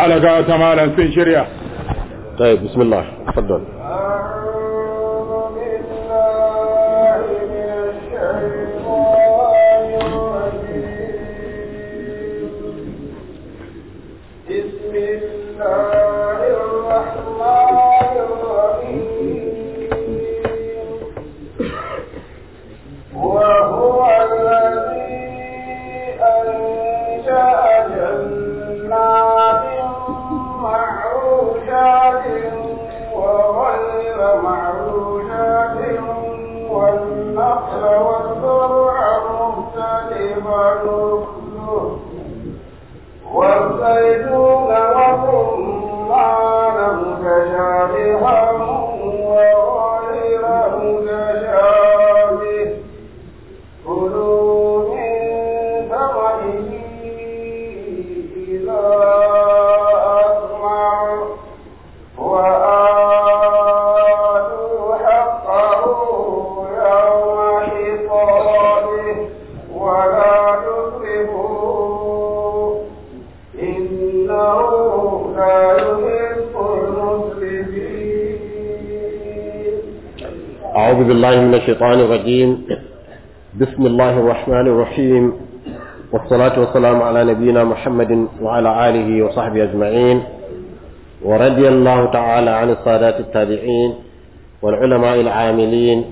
على قاعدة مالا في شريعة طيب بسم الله تفضل الشيطان الرجيم بسم الله الرحمن الرحيم والصلاة والسلام على نبينا محمد وعلى آله وصحبه أجمعين ورضي الله تعالى عن السادات التابعين والعلماء العاملين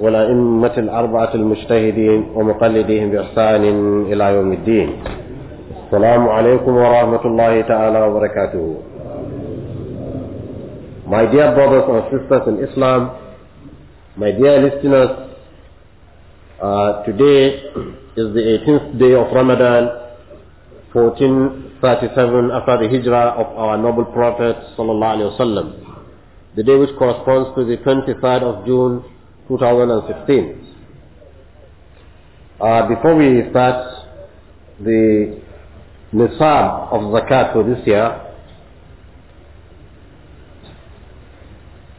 والأئمة الأربعة المجتهدين ومقلديهم بإحسان إلى يوم الدين السلام عليكم ورحمة الله تعالى وبركاته My dear brothers and sisters in Islam, My dear listeners, uh, today is the 18th day of Ramadan, 1437 after the hijrah of our noble Prophet Sallallahu Alaihi Wasallam, the day which corresponds to the 23rd of June 2016. Uh, before we start the nisab of zakat for this year,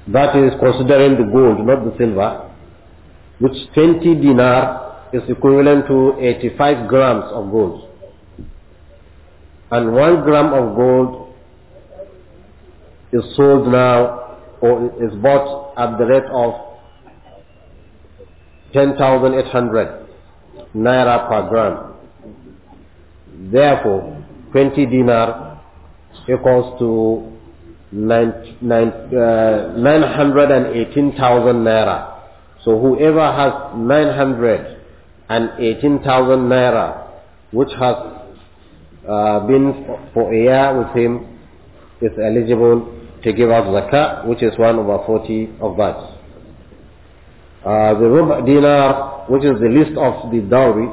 That is considering the gold, not the silver, which 20 dinar is equivalent to 85 grams of gold. And one gram of gold is sold now or is bought at the rate of 10,800 naira per gram. Therefore, 20 dinar equals to uh, 918,000 naira. So whoever has 918,000 naira, which has uh, been for a year with him, is eligible to give out zakat, which is 1 over 40 of that. Uh, the rub dinar, which is the list of the dowry,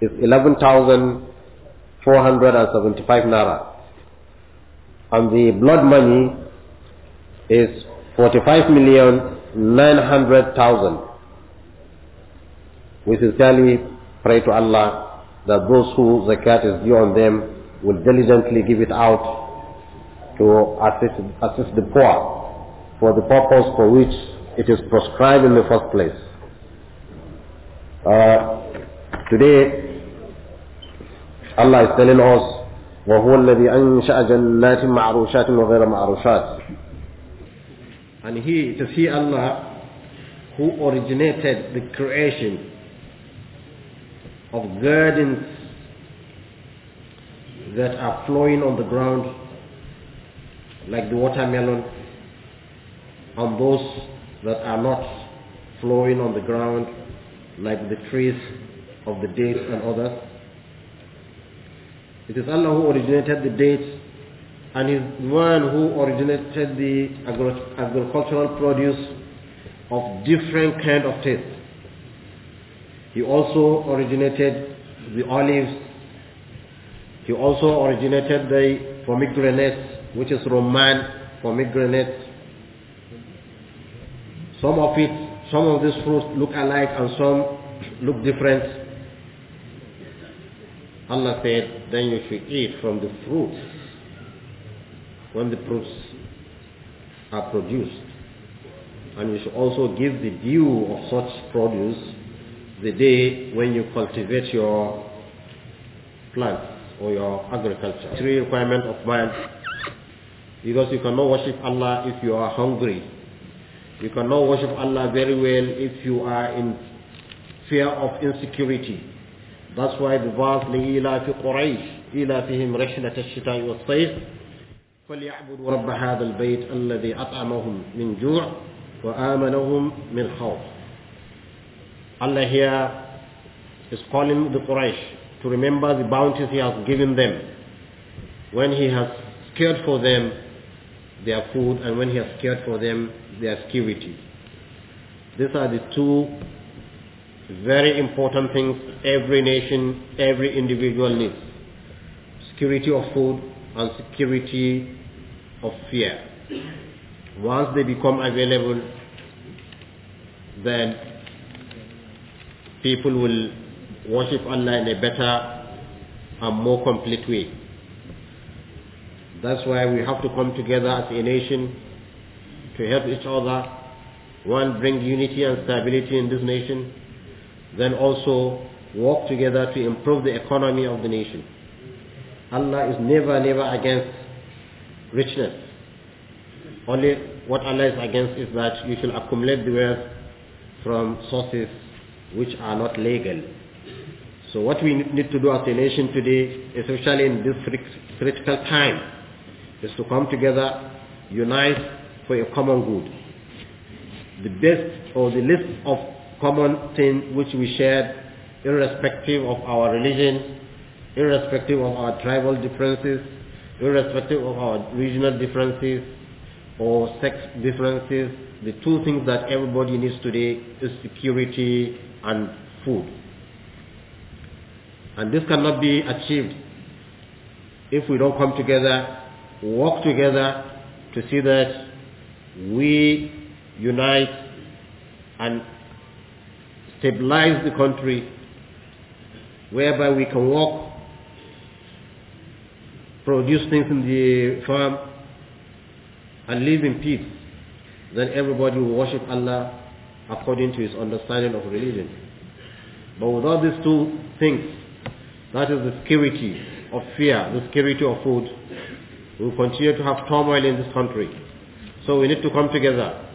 is 11,475 naira and the blood money is 45,900,000. We sincerely pray to Allah that those who zakat is due on them will diligently give it out to assist, assist the poor for the purpose for which it is prescribed in the first place. Uh, today, Allah is telling us وهو الذي أنشأ جنات معروشات وغير معروشات and he to he Allah who originated the creation of gardens that are flowing on the ground like the watermelon and those that are not flowing on the ground like the trees of the date and others it is Allah who originated the dates and is the one who originated the agricultural produce of different kind of taste. He also originated the olives. He also originated the pomegranate, which is Roman pomegranate. Some of it, some of these fruits look alike and some look different. Allah said, then you should eat from the fruits when the fruits are produced. And you should also give the due of such produce the day when you cultivate your plants or your agriculture. Three requirement of man. Because you cannot worship Allah if you are hungry. You cannot worship Allah very well if you are in fear of insecurity. That's why the verse لإيلاف قريش إيلافهم رحلة الشتاء والصيف فليعبدوا رب هذا البيت الذي أطعمهم من جوع وآمنهم من خوف Allah here is calling the Quraysh to remember the bounties he has given them when he has cared for them their food and when he has cared for them their security. These are the two very important things every nation, every individual needs. Security of food and security of fear. Once they become available, then people will worship Allah in a better and more complete way. That's why we have to come together as a nation to help each other. One, bring unity and stability in this nation then also work together to improve the economy of the nation. Allah is never, never against richness. Only what Allah is against is that you shall accumulate the wealth from sources which are not legal. So what we need to do as a nation today, especially in this critical time, is to come together, unite for a common good. The best or the list of common thing which we shared irrespective of our religion, irrespective of our tribal differences, irrespective of our regional differences or sex differences, the two things that everybody needs today is security and food. And this cannot be achieved if we don't come together, work together to see that we unite and stabilize the country, whereby we can work, produce things in the farm, and live in peace, then everybody will worship Allah according to his understanding of religion. But without these two things, that is the security of fear, the security of food, we will continue to have turmoil in this country. So we need to come together.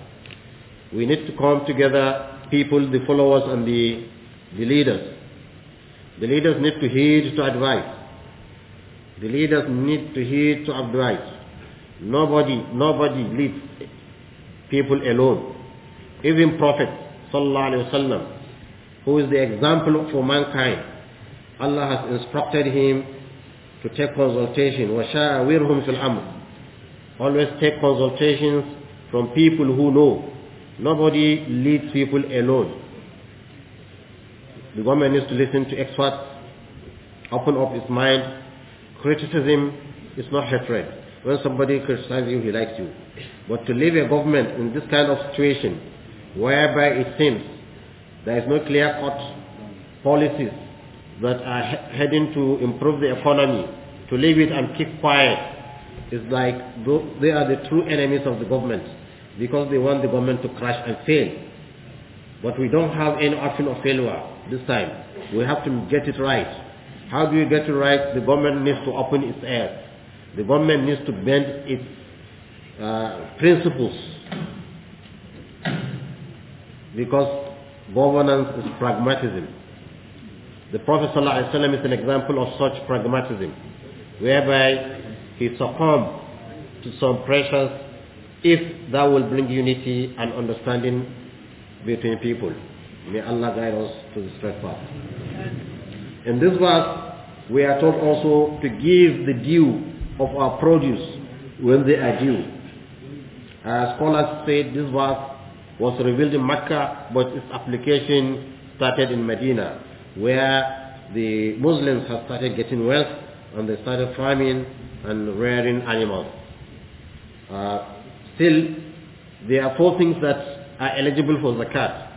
We need to come together people, the followers and the, the leaders. The leaders need to heed to advice. The leaders need to heed to advice. Nobody, nobody leads people alone. Even Prophet Sallallahu Alaihi Wasallam, who is the example for mankind, Allah has instructed him to take consultation. Always take consultations from people who know Nobody leads people alone. The government needs to listen to experts, open up its mind. Criticism is not hatred. When somebody criticizes you, he likes you. But to leave a government in this kind of situation, whereby it seems there is no clear-cut policies that are he- heading to improve the economy, to leave it and keep quiet, is like they are the true enemies of the government because they want the government to crash and fail. But we don't have any option of failure this time. We have to get it right. How do you get it right? The government needs to open its ears. The government needs to bend its uh, principles because governance is pragmatism. The Prophet ﷺ is an example of such pragmatism, whereby he succumbed to some pressures if that will bring unity and understanding between people. May Allah guide us to the straight path. In this verse, we are told also to give the due of our produce when they are due. As scholars said, this verse was revealed in Mecca, but its application started in Medina, where the Muslims have started getting wealth and they started farming and rearing animals. Uh, Still, there are four things that are eligible for zakat.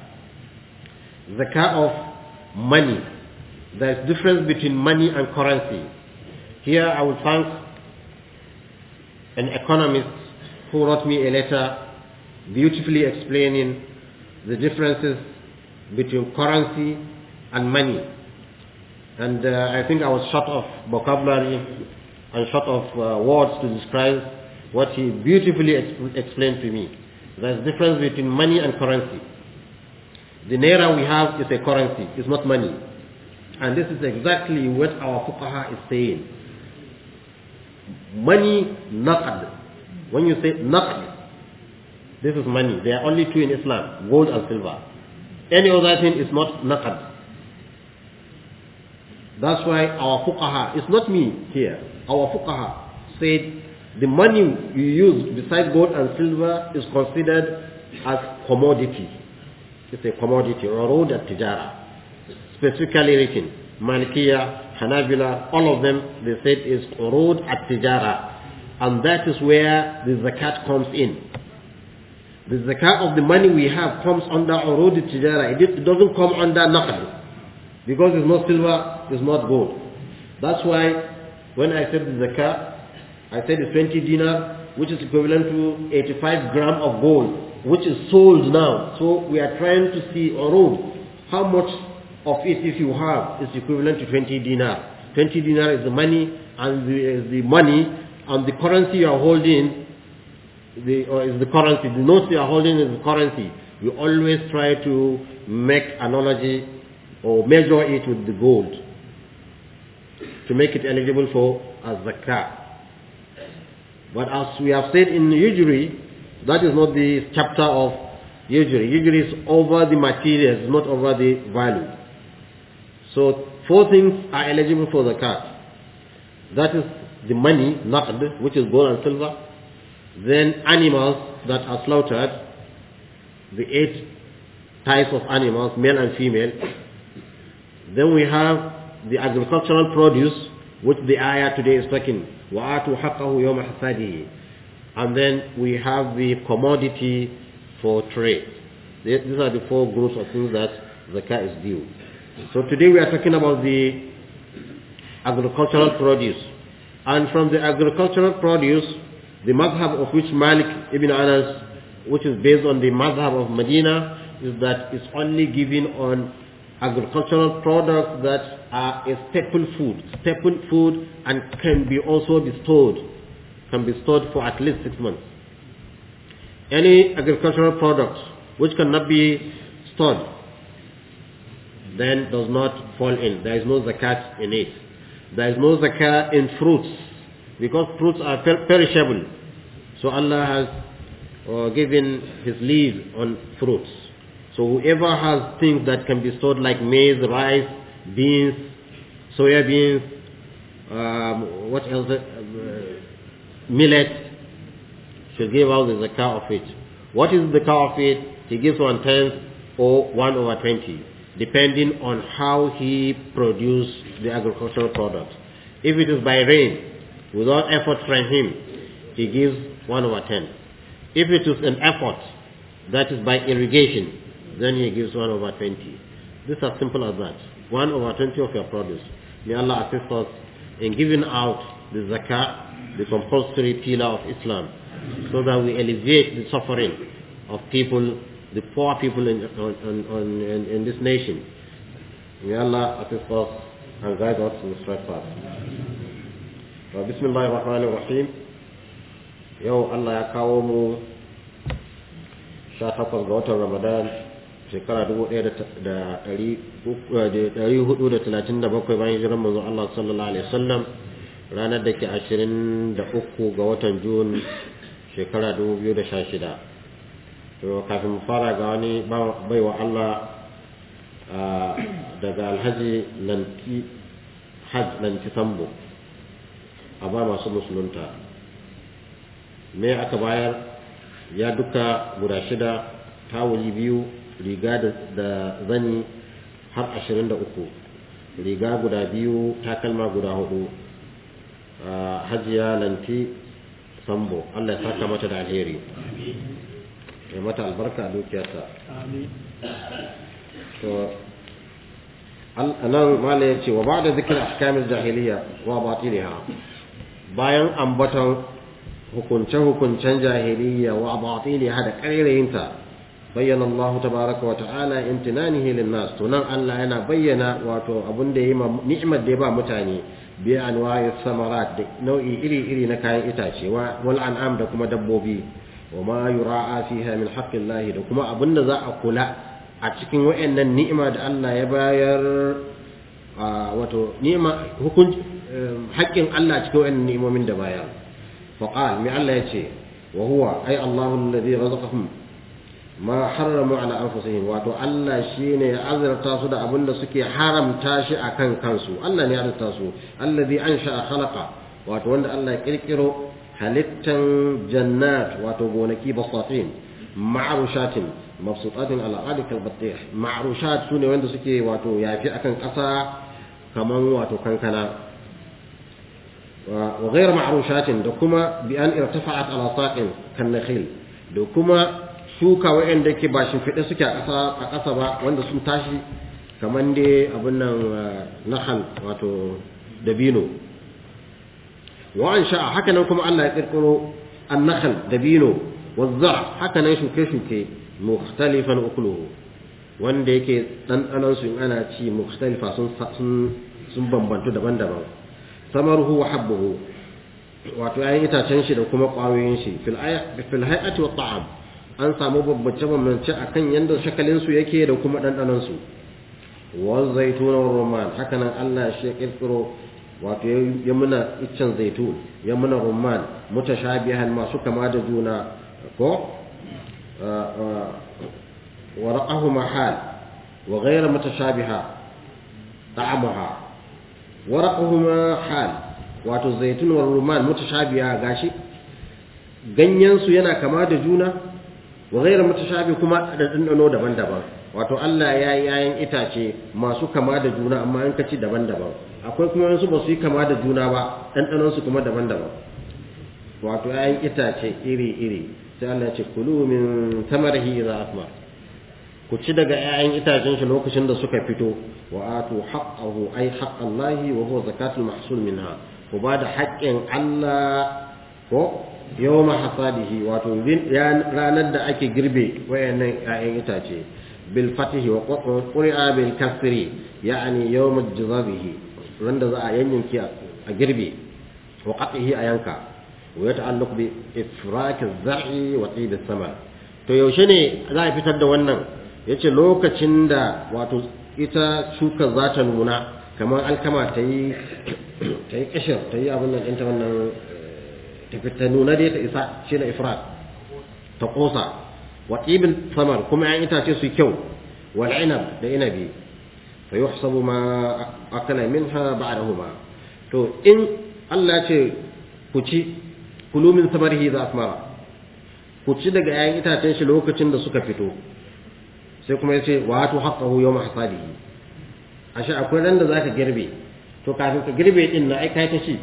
Zakat of money. There is difference between money and currency. Here I will thank an economist who wrote me a letter beautifully explaining the differences between currency and money. And uh, I think I was short of vocabulary and short of uh, words to describe what he beautifully exp- explained to me. There's difference between money and currency. The naira we have is a currency, it's not money. And this is exactly what our fuqaha is saying. Money, naqd. When you say naqd, this is money. There are only two in Islam, gold and silver. Any other thing is not naqd. That's why our fuqaha, it's not me here, our fuqaha said the money you use besides gold and silver is considered as commodity. It's a commodity, or at tijara. Specifically written, Malikiya, Hanabila, all of them, they said is road at tijara. And that is where the zakat comes in. The zakat of the money we have comes under urud tijara. It doesn't come under naqd. Because it's not silver, it's not gold. That's why when I said the zakat, I said the 20 dinar, which is equivalent to 85 gram of gold, which is sold now. So we are trying to see or road how much of it, if you have, is equivalent to 20 dinar. 20 dinar is the money and the, uh, the money and the currency you are holding the, uh, is the currency. The notes you are holding is the currency. We always try to make analogy or measure it with the gold to make it eligible for as zakah. But as we have said in usury, that is not the chapter of usury. Usury is over the materials, not over the value. So four things are eligible for the cut. That is the money, naqd, which is gold and silver. Then animals that are slaughtered, the eight types of animals, male and female. Then we have the agricultural produce, which the ayah today is talking وَآتُوا حَقَّهُ يَوْمَ حَصَادِهِ And then we have the commodity for trade. These are the four groups of things that Zakat is due. So today we are talking about the agricultural produce. And from the agricultural produce, the madhab of which Malik ibn Anas, which is based on the madhab of Medina, is that it's only given on agricultural products that are a staple food, staple food and can be also be stored, can be stored for at least six months. Any agricultural product which cannot be stored then does not fall in. There is no zakat in it. There is no zakat in fruits because fruits are per- perishable. So Allah has uh, given his leave on fruits. So whoever has things that can be stored like maize, rice, beans, soya beans, um, what else? Uh, millet. Should give out the zakah of it. What is the zakah of it? He gives one tenth or one over twenty, depending on how he produced the agricultural product. If it is by rain, without effort from him, he gives one over ten. If it is an effort, that is by irrigation, then he gives one over twenty. This is as simple as that. 1 over 20 of your produce. May Allah assist us in giving out the zakat, the compulsory pillar of Islam, so that we alleviate the suffering of people, the poor people in, on, on, in, in this nation. May Allah assist us and guide us in the straight path. بسم الله Allah, Ya يوم الله يكاومو شهر shekara dubu bakwai bayan jiran mazu Allah sallallahu alaihi wasallam ranar da ke ashirin da uku ga watan Jun shekara dubu biyu da sha shida. to kafin fara ga wani baiwa Allah daga Alhaji Lanti Hajj Lanti Sambo a ba masu musulunta me aka bayar ya duka guda shida tawuli biyu riga da zani har ashirin da uku riga guda biyu takalma guda hudu hajiya lanti sambo allah ya saka mata da alheri ya mata albarka dukiyarta to anan mala ya ce wa ba da zikin ahkamil jahiliya wa ha bayan ambaton hukunce-hukuncen jahiliya wa batiliha da ƙarerayinta bayyana Allah tabaraka wa ta'ala imtinanihi linnas to nan Allah yana bayyana wato abun da yayi ni'imar da ya ba mutane bi anwa'i samarat da nau'i iri iri na kayan itace wa wal an'am da kuma dabbobi wa ma yura'a fiha min haqqillah da kuma abun da za a kula a cikin wayannan ni'ima da Allah ya bayar wato ni'ima eh, haƙƙin Allah cikin wayannan ni'imomin da bayar faqal mi Allah yace wa huwa ay Allahu alladhi razaqahum ma harramu ala anfusihim wato Allah shine ya azurta su da abin da suke haramta shi akan kansu Allah ne ya azurta su allazi ansha khalaqa wato wanda Allah ya kirkiro halittan jannat wato gonaki basatin ma'rushatin mabsutatin ala adikal batih ma'rushat sune wanda suke wato yafi akan ƙasa kaman wato kankana wa da kuma وغير معروشات دكما بأن ارتفعت على ساق da kuma. shuka wa'anda ke ba shimfiɗe suke a ƙasa ba wanda sun tashi kamar dai abin nan eh, nahal wato dabino wa an sha'a haka nan kuma Allah ya kirkiro annahal dabino wazzar haka nan shuke-shuke mukhtalifan ukuluhu wanda yake ɗanɗanon su in ana ci mukhtalifa sun sun bambantu daban-daban samaruhu wa habbuhu wato ayan itacen shi da kuma ƙwayoyin shi fil hay'ati wa ta'am an samu babbace bambance a kan yadda shakalinsu yake da kuma ɗanɗanansu su zaitunan zaitun rumman haka nan Allah shi ya ƙirƙiro, wato ya muna iccen zaitun ya muna mutu shabihan masu kama da juna ko wa ra'ahu mahal wa ghayra mutashabiha ta'amuha wa ra'ahu mahal wato zaitun wa mutu shabiha gashi ganyensu yana kama da juna wa ghayra mutashabi kuma da ɗanɗano daban-daban wato Allah ya yi yayin itace masu kama da juna amma in ka daban-daban akwai kuma wasu ba su yi kama da juna ba dandanon su kuma daban-daban wato yayin itace iri-iri sai Allah ya ce kulu min tamarihi idza asmar ku ci daga yayin itacen shi lokacin da suka fito wa atu haqqahu ay haqqallahi wa huwa zakatul mahsul minha ku ba da haƙƙin Allah ko yawma hasadihi wato ranar da ake girbe wayannan ƴaƴan itace bil fatihi wa qur'a bil kasri yani yawma jazabihi wanda za a yanyanke a girbe wa qatihi a yanka wa yata'allaq bi ifrak az-zar'i wa tib as-sama to yaushe ne za a fitar da wannan yace lokacin da wato ita shuka za ta nuna kamar alkama ta yi ta yi kashir ta yi abin nan ɗinta wannan ta nuna dai ta isa shi na ifrat ta kosa wa samar kuma ‘yan itace su kyau wal inab da inabi fa yi ma akala min ha ba to in Allah ce ku ci kulu min samarihi za asmara ku ci daga ‘yan itacen shi lokacin da suka fito sai kuma ya ce tu haqqahu yawm mahasadihi ashe akwai ran da girbe to kafin ka girbe din na aika ta shi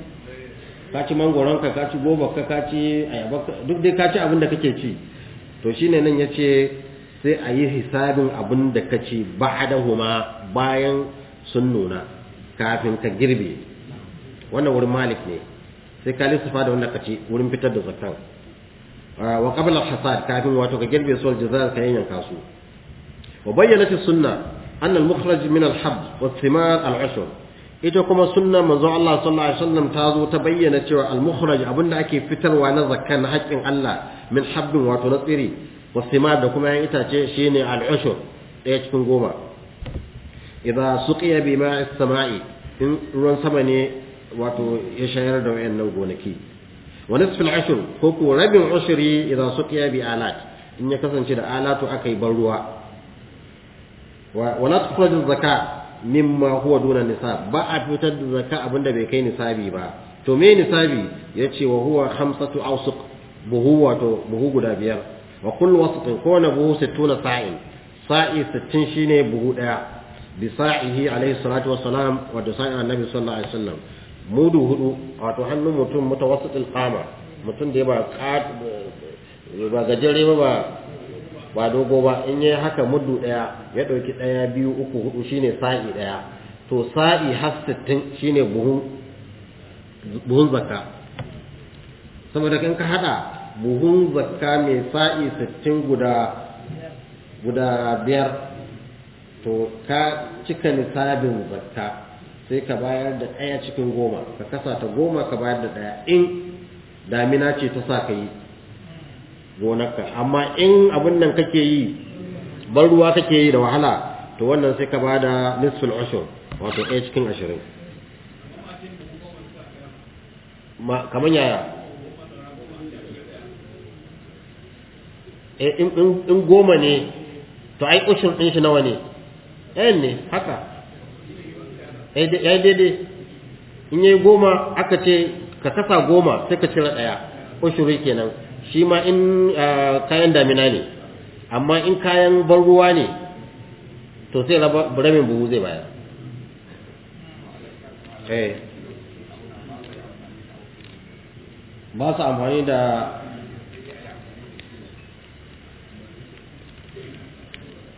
ka ci mangoronka ka ci gobarka ka ci ayabarka duk dai ka ci abin da kake ci to shine nan yace sai a yi hisabin abin da ka ci ba'dahuma bayan sun nuna kafin ka girbe wannan wurin malik ne sai ka lissafa da wanda ka ci wurin fitar da zakkan ah, wa qabla hasad kafin wato ka girbe su jazar ka yanka su wa bayyana sunna anna al-mukhraj min al hab wa thimar al ashr ita kuma sunnar manzon Allah sallallahu alaihi wasallam ta zo ta bayyana cewa al-mukhraj abinda ake fitarwa na zakka na haƙƙin Allah min habbin wato na tsiri sima da kuma yan itace shine al-ushur ɗaya cikin goma idza suqiya bima as-sama'i in ruwan sama ne wato ya shayar da wayannan gonaki wa nisfu al-ushur ko ko rabin ushri idza suqiya bi alat in ya kasance da alatu akai ban ruwa wa la tukhraju zakka mimma huwa duna nisab ba a fitar da zakka abinda bai kai nisabi ba to me nisabi yace wa huwa khamsatu awsuq buhu wato buhu guda biyar wa kullu wasqin kowane buhu 60 sa'in sa'i 60 shine buhu daya bi sa'ihi alayhi salatu wassalam wa da sa'in annabi sallallahu alaihi wasallam mudu hudu wato hannun mutum mutawassitul qama mutum da ba ba gajere ba ba dogo ba in yayi haka muddu daya ya dauki daya biyu uku hudu shine sa'i daya to sa'i har 60 shine buhun buhun zakka saboda kan ka hada buhun zakka mai sa'i 60 guda guda biyar to ka cika nisabin zakka sai ka bayar da daya cikin goma ka kasa ta goma ka bayar da daya in damina ce ta sa ka yi gonarka amma in abin nan kake yi ban ruwa kake yi da wahala to wannan sai ka bada nisful ashur wato ɗaya cikin ashirin kamar yaya eh, in goma ne to ai ushur ɗin shi nawa ne ɗayan ne haka ya yi daidai in yi goma aka ce ka kasa goma sai ka cire ɗaya ushuri kenan shi ma in uh, kayan damina ne amma in kayan barruwa ruwa ne to sai rabin buhu zai bayar eh. ba su amfani da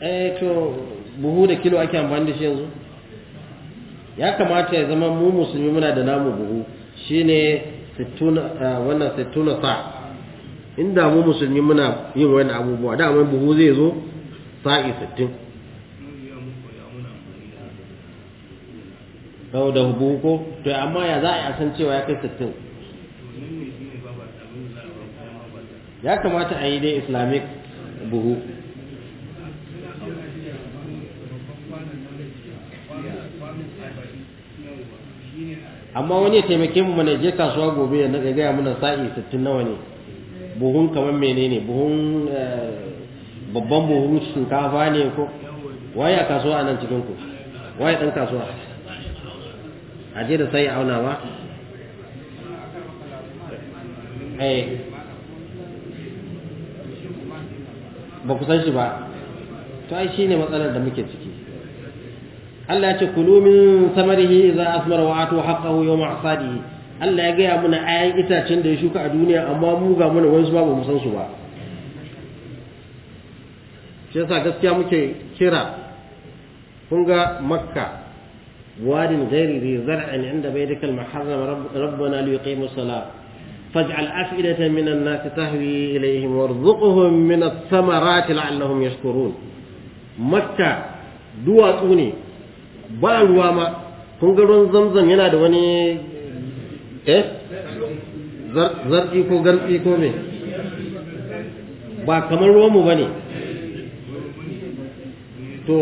eh to buhu da kilo ake amfani da shi yanzu ya kamata ya zama mu musulmi muna da namu buhu shine 60 uh, wannan 60 sa inda mu musulmi muna yin wani abubuwa da mai buhu zai zo sa'i sittin kawo da buhu ko to amma ya za a san cewa ya kai sittin ya kamata a yi dai islamic buhu amma wani ya taimake mu mana je kasuwa gobe ya gaya mana sa'i sittin nawa ne buhun kamar menene buhun eh, babban buhun shinkafa ne ko waye a kasuwa a nan cikin ku waye ɗan kasuwa a je da sai ya auna ba eh. ba ku san shi ba to ai shine matsalar da muke ciki Allah ya ce kulumin min samarihi idza asmara wa atu haqqahu yawma hasadihi Allah ya gaya muna ayan itacen da ya shuka a duniya amma mu ga muna wani ba mu san su ba shi yasa gaskiya muke kira kun ga makka wadin ghairi bi zar'an inda baydaka al-muharram rabbana li yuqimu salat faj'al af'idata min an-nas tahwi ilayhim warzuqhum min ath-thamarati la'allahum yashkurun makka duwatsu ne ba ruwa ma kun ga ruwan zamzam yana da wani eh zarki ko gartsi ko me ba kamar ruwanmu ba ne to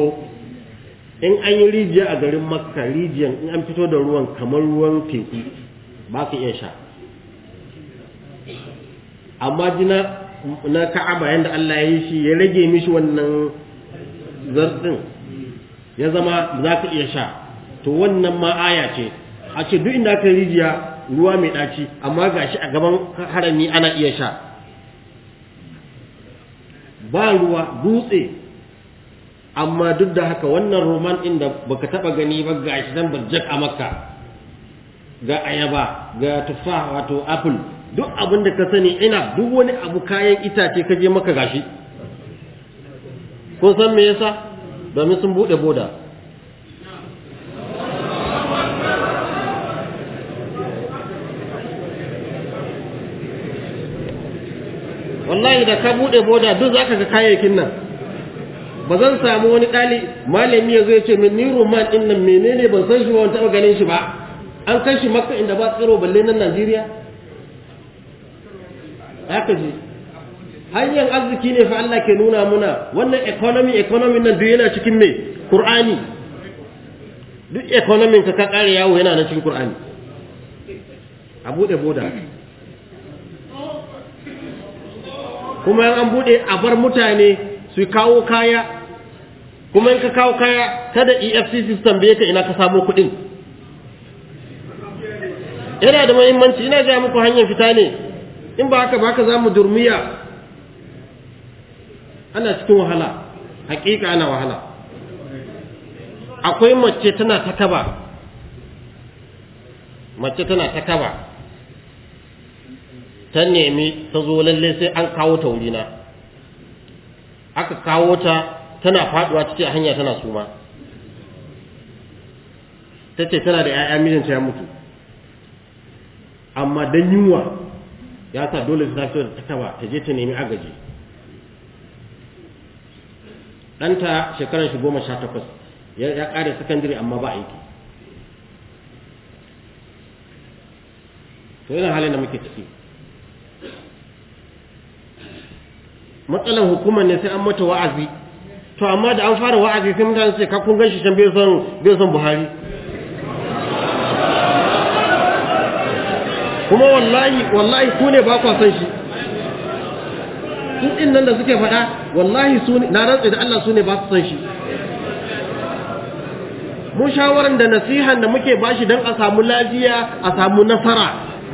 in an yi rijiya a garin makka rijiyan in an fito da ruwan kamar ruwan teku ba ka iya sha amma jina na ka'aba yadda Allah ya yi shi ya rage mishi wannan zartsin ya zama za ka iya sha to wannan ma ce a ce duk inda ka rijiya ruwa mai ɗaci amma gashi a gaban harami ana iya sha ba ruwa dutse amma duk da haka wannan roman ɗin da baka taba gani ba gashi zan barjak a makka ga ayaba ga tufa wato apple duk abin da ka sani ina duk wani abu kayan itace ka je maka gashi kun san me yasa domin sun buɗe boda da ka buɗe boda duk za ka ga kayayyakin nan ba zan samu wani ɗali malami ya zai ce min ni roman ɗin nan menene ban san shi ba wani taɓa ganin shi ba an kai shi makka inda ba tsaro balle nan najeriya haka ji hanyar arziki ne fa Allah ke nuna muna wannan economy economy nan duk yana cikin me Qur'ani duk economy ka ka kare yawo yana nan cikin Qur'ani a buɗe boda kuma yan an bude a bar mutane su kawo kaya kuma in ka kawo kaya kada EFCC su tambaye ka ina ka samu kuɗin yana da muhimmanci ina ga muku hanyar fita ne in ba haka ba ka zamu durmiya ana cikin wahala hakika ana wahala akwai mace tana ta mace tana ta ta nemi ta zo lalle sai an kawo ta wurina aka kawo ta tana faduwa cikin hanya tana suma ta ce tana da 'ya'ya mijinta ya mutu amma dan yunwa ya sa dole ta tafi da takawa ta je ta nemi agaji ɗanta shekarar shi goma sha takwas ya ƙare sakandare amma ba aiki to yana halin da muke ciki matsalan hukumar ne sai an mata wa'azi to amma da an fara wa'azi sai mutane sai ka kun ganshi can bai son bai son Buhari kuma wallahi wallahi ku ne ba ku san shi su din nan da suke faɗa wallahi su na rantsa da Allah su ne ba su san shi mu shawaran da nasihan da muke bashi dan a samu lafiya a samu nasara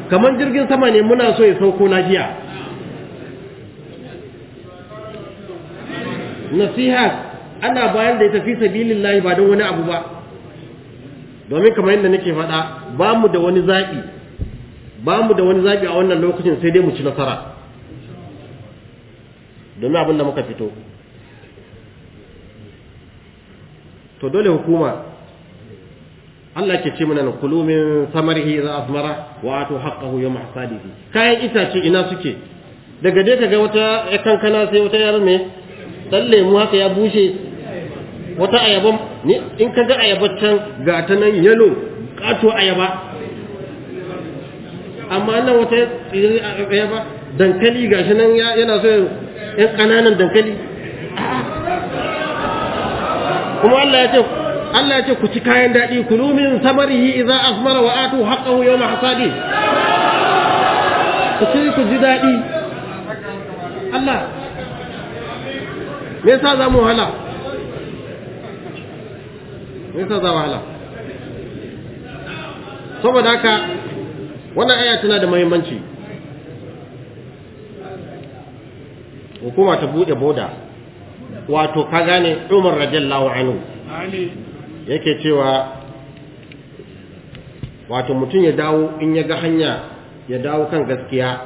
kamar jirgin sama ne muna so ya sauko lafiya nasiha ana bayar da ya sabilin sabilillahi ba don wani abu ba domin kamar yadda nake faɗa ba mu da wani zaɓi ba mu da wani zaɓi a wannan lokacin sai dai mu ci nasara domin abin da muka fito to dole hukuma Allah ke ce mana kulu min samarihi a asmara wa atu haqqahu yawma hasadihi kayan itace ina suke daga dai ga wata kankana sai wata yar ne. dan lemu haka ya bushe wata ayaban ne in ka ga ayabar can ga ta nan yalo kato ayaba amma nan wata ayaba dankali shi nan yana so yan kananan dankali kuma Allah ya ce Allah ya ce ku ci kayan daɗi ku lumin samarihi idza asmara wa atu haqqahu yawma hasadi ku ci ku ji daɗi Allah me yasa za mu wahala me yasa za wahala saboda haka wannan aya tana da muhimmanci hukuma ta bude boda wato ka gane Umar radiyallahu anhu yake cewa wato mutum ya dawo in ya ga hanya ya dawo kan gaskiya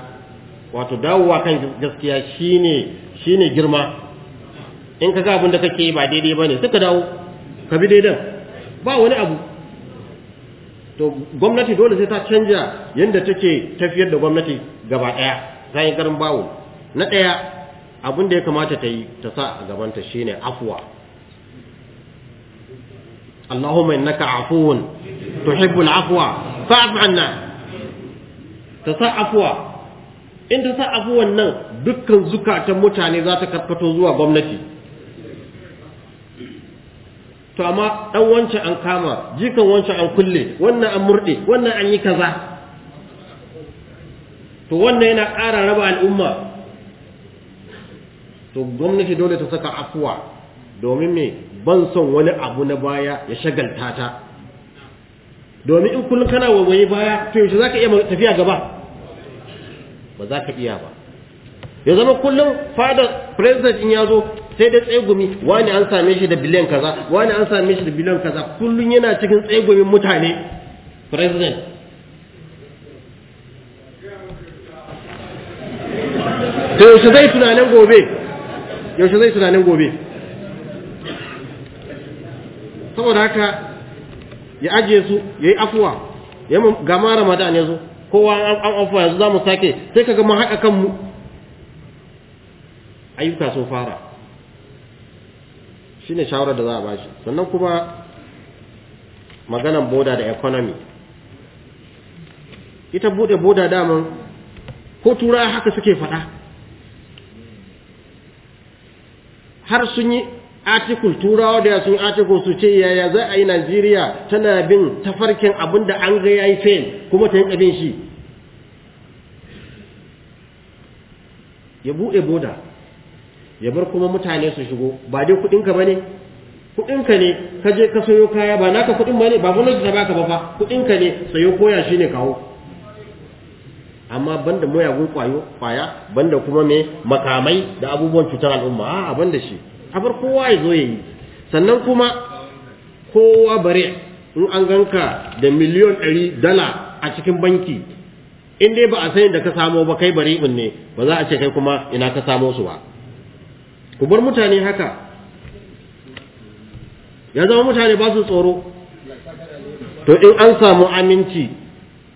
wato dawowa kan gaskiya shine shine girma in ka ga abin da kake ba daidai ba ne suka dawo ka bi daidan ba wani abu to gwamnati dole sai ta canja yadda take tafiyar da gwamnati gaba ɗaya ta yi garin bawo na ɗaya abin da ya kamata ta yi ta sa a gabanta ne afuwa Allahumma innaka afuwun tuhibbul afwa an anna ta sa afuwa in ta sa afuwan nan dukkan zukatan mutane za ta karkato zuwa gwamnati to amma dan wancan an kama jikan wancan an kulle wannan an murde wannan an yi kaza to wannan yana ƙara raba al'umma to gwamnati dole ta saka afuwa domin me ban son wani abu na baya ya shagalta ta domin in kullum kana wawaye baya to yaushe zaka iya tafiya gaba ba za ka iya ba ya zama kullum fada president in ya zo sai da tsegumi wani an same shi da biliyan kaza wani an same shi da biliyan kaza kullun yana cikin tsegumin mutane president yaushe zai tunanin gobe yaushe zai tunanin gobe saboda haka ya ajiye su ya yi afuwa ga ma ramadan ya zo kowa an afuwa yanzu za mu sake sai ka mu haka kanmu ayyuka sun fara ne shawarar da za a bashi sannan kuma maganan boda da economy ita bude boda daman ko tura haka suke faɗa har sun yi article turawa da sun article su ce yaya za a yi Najeriya tana bin tafarkin abinda an ga ya yi fail kuma ta yi kabin shi ya bude boda ya bar kuma mutane su shigo ba dai kuɗinka ba ne kuɗinka ne ka je ka sayo kaya ba naka kuɗin ba ne ba gwamnati ta baka ba fa kuɗinka ne sayo koya shi kawo amma banda mayagun kwayo kwaya banda kuma me makamai da abubuwan cutar al'umma a banda shi a bar kowa ya zo ya sannan kuma kowa bare in an ganka da miliyon ɗari dala a cikin banki in dai ba a sayin da ka samo ba kai bari ne ba za a ce kai kuma ina ka samo su ba ku bar mutane haka ya zama mutane ba su tsoro to in an samu aminci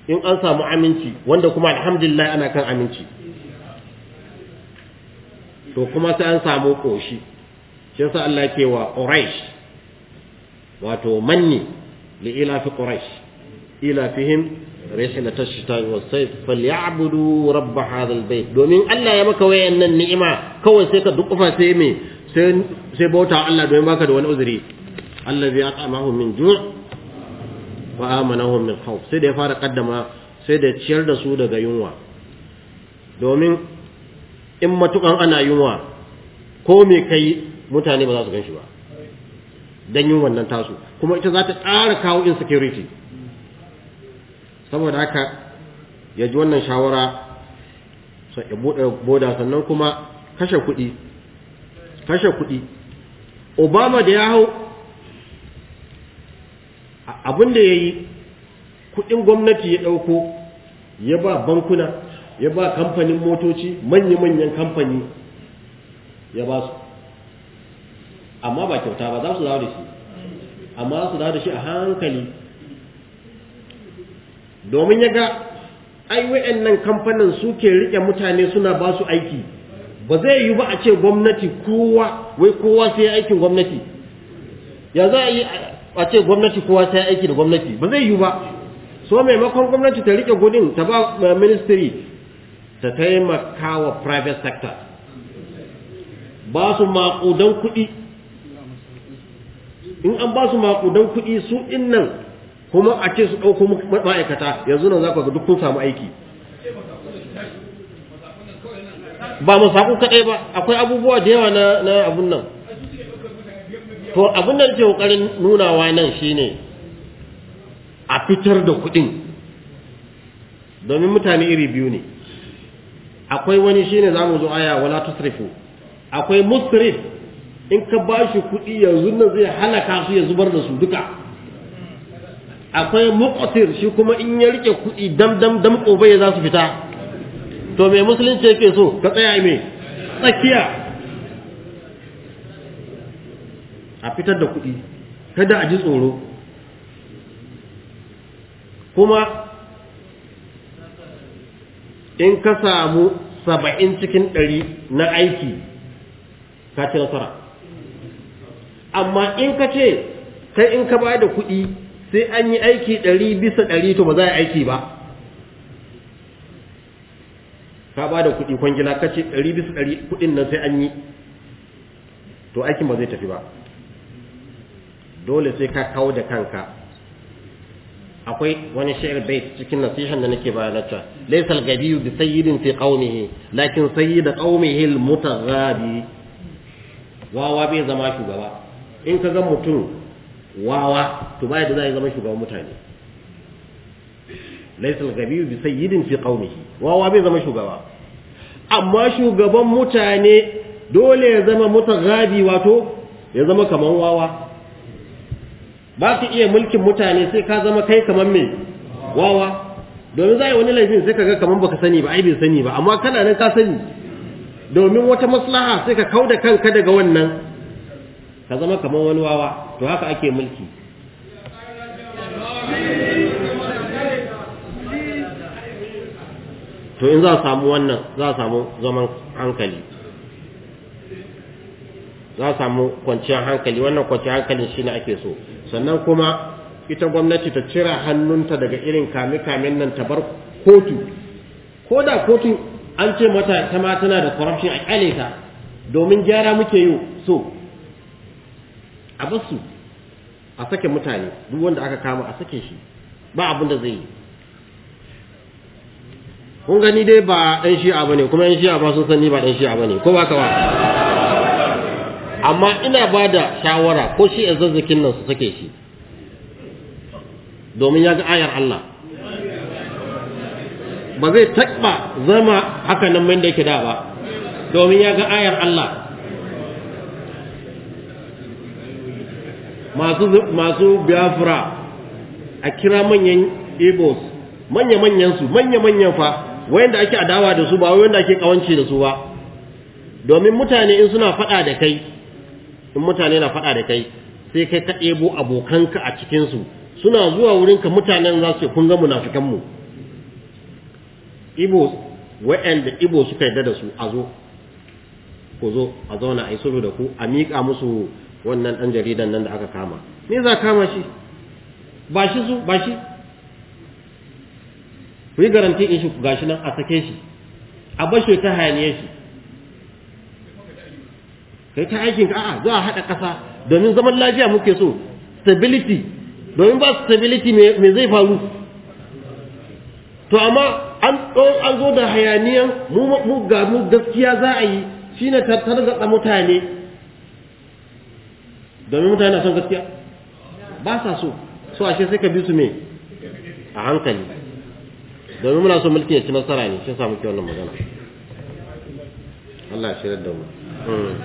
in an samu aminci wanda kuma alhamdulillah ana kan aminci to kuma sai an samu koshi shi yasa Allah ke wa quraish wato manni li ila fi quraish ila fihim رحلة الشتاء والصيف فليعبدوا رب هذا البيت Domin Allah ya maka wayannan ni'ima kawai sai ka dukufa sai me sai bauta Allah domin baka da wani uzuri allazi at'amahu min ju' wa amanahu min khawf sai da ya fara kaddama sai da ciyar da su daga yunwa domin in matukan ana yunwa ko me kai mutane ba za su ganshi ba dan yunwan nan tasu kuma ita za ta ƙara kawo insecurity saboda haka ya ji wannan shawara sai ya bude boda sannan kuma kashe kuɗi kashe kuɗi obama da ya hau abin da ya yi kuɗin gwamnati ya ɗauko ya ba bankuna ya ba kamfanin motoci manya-manyan kamfani ya ba su amma ba kyauta ba za su dawo da shi amma za su dawo da shi a hankali domin ya ga ai wayannan kamfanin suke rike mutane suna ba su aiki ba zai yi ba a ce gwamnati kowa wai kowa sai aikin gwamnati ya za a yi a ce gwamnati kowa sai aiki da gwamnati ba zai yi ba so maimakon gwamnati ta rike gudun ta ba ministry ta taimaka wa private sector ba su maƙudan kuɗi in an ba su maƙudan kuɗi su innan kuma a ce su ɗauko ma'aikata yanzu nan za ku ga duk kun samu aiki ba mu saƙo kaɗai ba akwai abubuwa da yawa na abun nan to abun da nake ƙoƙarin nunawa nan shine a fitar da kuɗin domin mutane iri biyu ne akwai wani shine za mu zo aya wala tusrifu akwai musrif in ka bashi kuɗi yanzu nan zai halaka su ya zubar da su duka akwai muqtir shi kuma in ya rike kuɗi dam dam dam kobai za su fita to me musulunci yake so ka tsaya me tsakiya a fitar da kuɗi kada a ji tsoro kuma in ka samu saba'in cikin ɗari na aiki ka ci nasara amma in ka ce kai in ka bayar da kuɗi sai an yi aiki ɗari bisa ɗari to ba za a aiki ba ka ba da kuɗi kwangila ka ce ɗari bisa ɗari kuɗin nan sai an yi to aikin ba zai tafi ba dole sai ka kawo da kanka akwai wani shi'ar bait cikin nasihan da nake ba na ta laysal gabiyu bi sayyidin fi qaumihi lakin da qaumihi al mutaghabi wawa bai zama shugaba in ka ga mutum wawa to ba yadda zai ya zama shugaban mutane laysa al-ghabiyu bi sayyidin fi qaumihi wawa bai zama shugaba amma shugaban mutane dole ya zama mutagabi wato ya zama kaman wawa ba ka iya mulkin mutane sai ka zama kai kaman me wawa domin za yi wani laifin sai ka ga kaman baka sani ba ai bai sani ba amma kana nan ka sani domin wata maslaha sai ka kauda kanka daga wannan ka zama kaman wani wawa to haka ake mulki to in za a samu wannan za a samu zaman hankali za a samu kwanciyar hankali wannan kwanciyar hankalin shi ne ake so sannan kuma ita gwamnati ta cira hannunta daga irin kame-kamen nan ta bar kotu ko da kotu an ce mata ta ma tana da corruption a kyale ta domin gyara muke yi so a basu a sake mutane duk wanda aka kama a sake shi ba abin da zai yi kun gani dai ba ɗan shi'a ba ne kuma ɗan shi'a ba sun sani ba ɗan shi'a ba ne ko ba ka ba amma ina ba da shawara ko shi a zazzakin nan su sake shi domin ya ga ayar Allah ba zai taɓa zama haka nan mai da yake da ba domin ya ga ayar Allah masu biafra a kira manyan ibos manya-manyan su manya-manyan fa wayanda ake adawa da su ba wayanda ake kawance da su ba domin mutane in suna fada da kai in mutane na fada da kai sai kai ka ɗebo abokanka a cikinsu suna zuwa wurinka mutanen za su kun ga munafikanmu ibo wa'anda ibo suka yarda da su a zo ku zo a zauna a yi sulhu da ku a miƙa musu wannan ɗan jaridan nan da aka kama me za kama shi ba shi su ba shi ku yi garanti in shi ku gashi nan a sake shi a bashe ta hayaniye shi kai ta aikin ka a'a za a haɗa ƙasa domin zaman lafiya muke so stability domin ba stability me zai faru to amma an zo da hayaniyan mu ga mu gaskiya za a yi shine tattar ga mutane domin mutane na son gaskiya ba sa so so ashe sai ka bi su me a hankali domin muna so mulkin ya ci nasara ne shi samu kyau wannan magana Allah ya shirar da mu hmm.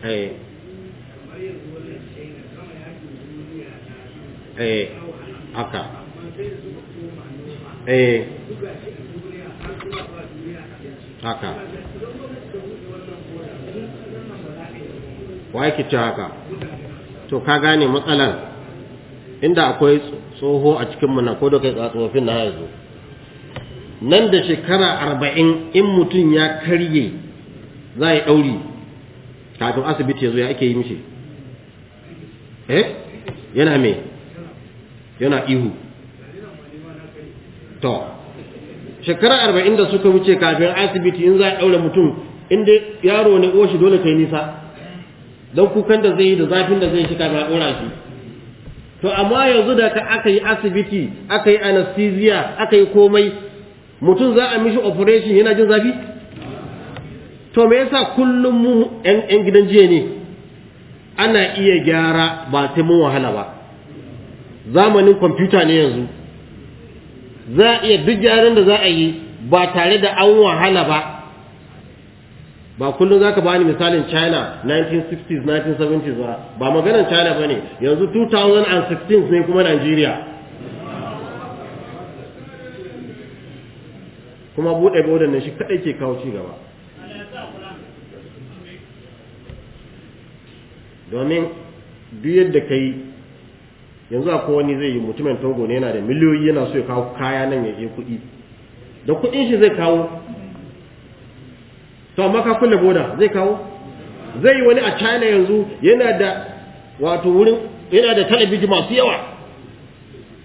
eh eh haka eh haka wa yake ce haka to ka gane matsalar inda akwai tsoho a cikin na, ko da kai tsofaffin na yanzu nan da shekara arba'in in mutum ya karye za a yi ɗauri kafin asibiti ya zo ya ake yi mishi eh yana me yana ihu to shekara arba'in da suka wuce kafin asibiti in za a ɗaure mutum inda yaro ne shi dole kai nisa don kukan da zai yi da zafin da zai shiga ba dora shi to amma yanzu da aka yi asibiti aka yi anesthesia aka yi komai mutum za a mishi operation yana jin zafi to me yasa kullum mu yan gidan jiya ne ana iya gyara ba sai mun wahala ba zamanin kwamfuta ne yanzu za a iya duk gyaran da za a yi ba tare da an wahala ba ba kullum za zaka bani misalin China 1960s 1970s ba ba maganar China bane yanzu 2016 ne kuma Nigeria kuma bude bodan nan shi kadai ke kawo ci gaba domin da ka kai yanzu akwai wani zai yi mutumin Togo ne yana da miliyoyi yana so ya kawo kaya nan ya je kuɗi da kuɗin shi zai kawo to amma ka kulle boda zai kawo zai yi wani a china yanzu yana da wato wurin yana da talabijin masu yawa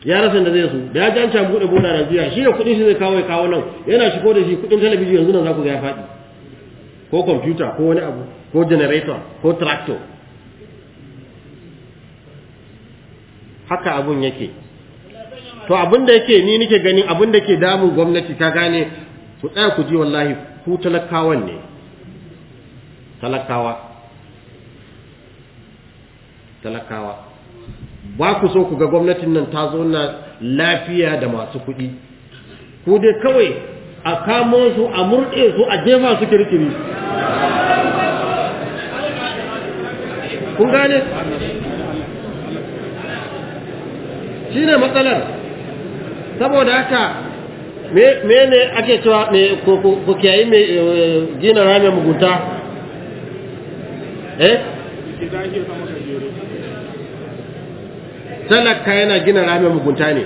ya rasa da zai su da ya janta bude boda Najeriya shi da kudin shi zai kawo ya kawo nan yana shigo da shi kudin talabijin yanzu nan za ku ga ya faɗi ko kwamfuta ko wani abu ko generator ko tractor haka abun yake to abin da yake ni nike ganin abin da ke damun gwamnati ka gane ku tsaya ku ji wallahi ku talakawan ne talakawa talakawa ba ku so ku ga gwamnatin nan ta zo na lafiya da masu kuɗi ku dai kawai a kamo su a murɗe su a jefa su kirkiri kun gane shi ne matsalar saboda haka mene ake cewa me ku yi mai eh, gina ramin mugunta eh talaka yana gina ramin mugunta ne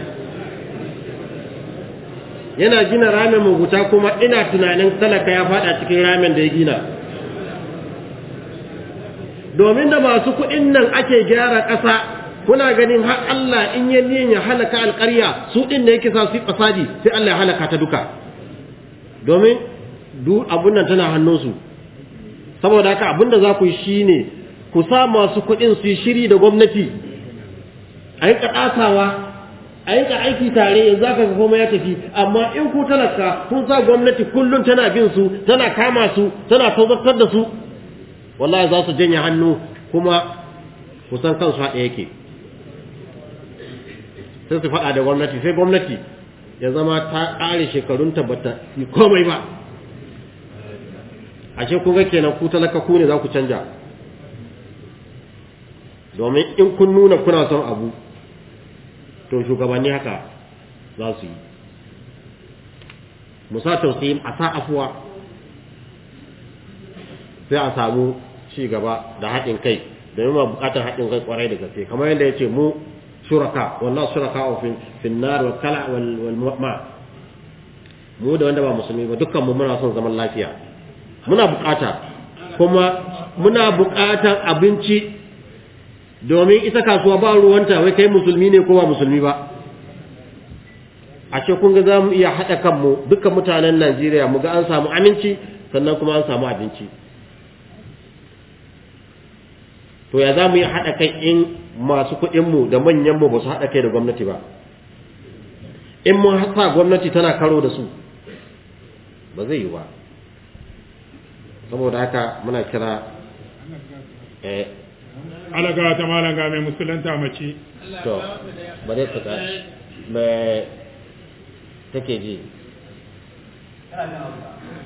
yana gina ramin mugunta kuma ina tunanin talaka ya fada cikin ramin da ya gina domin da masu kuɗin nan ake gyara ƙasa kuna ganin har Allah in ya niyan ya halaka alƙarya su din da yake sa su yi fasadi sai Allah ya halaka ta duka domin du abun nan tana hannunsu saboda haka abun da za ku yi shine ku sa masu kuɗin su yi shiri da gwamnati a yi ƙasawa a yi aiki tare yanzu aka ga komai ya tafi amma in ku talaka kun sa gwamnati kullum tana bin su tana kama su tana tozartar da su wallahi za su janye hannu kuma kusan kansu haɗe yake sai su faɗa da gwamnati sai gwamnati ya zama ta ƙare shekarunta ba ta yi komai ba A ce kun ga kenan ku talaka ku ne za ku canja domin in kun nuna kuna son abu to shugabanni haka za su yi musa tausayin a sa afuwa sai a samu ci gaba da haɗin kai domin ma buƙatar haɗin kai kwarai da gaske kamar yadda ya ce mu shuraka wallahu shuraka fi fi an-nar wal mu da wanda ba musulmi ba dukkan mu muna son zaman lafiya muna bukata kuma muna bukatan abinci domin ita kasuwa ba ruwanta wai kai musulmi ne ko ba musulmi ba a ce kun ga zamu iya hada kanmu dukkan mutanen Najeriya mu ga an samu aminci sannan kuma an samu abinci to ya zamu iya hada kai in masu kuɗinmu da manyanmu ba su haɗa kai da gwamnati ba in mun hasa gwamnati tana karo da su ba zai yi ba saboda haka muna kira eh alaga ta malanga mai musulunta mace to ba dai kuka mai take ji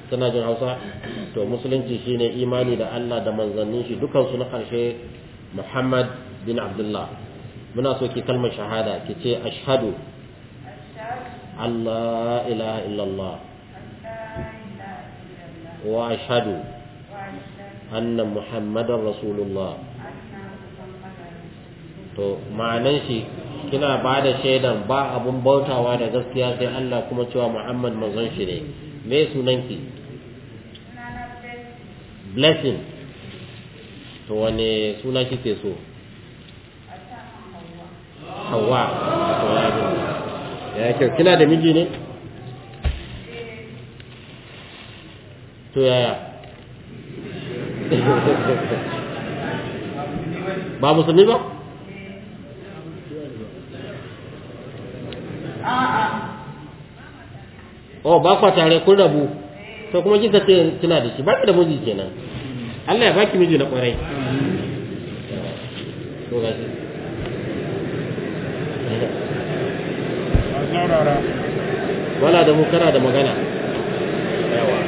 tana jin hausa to musulunci shine imani da Allah da manzannin shi dukansu na ƙarshe Muhammad bin Abdullah muna so ki kalmar shahada ki ce ashadu Allah ilaha illallah wa ashadu anna muhammadar rasulullah to ma'anan shi kina ba da shaidan ba abun bautawa da gaskiya sai Allah kuma cewa Muhammad manzon shi ne me sunanki blessing to wane suna kike so hawa ya kyau kina da miji ne to yaya ba musulmi ba o oh, ba kwa tare kun rabu to kuma kika ce kina da shi ba da miji kenan Allah ya baki miji na kwarai to gashi wala da mu kana da magana yawa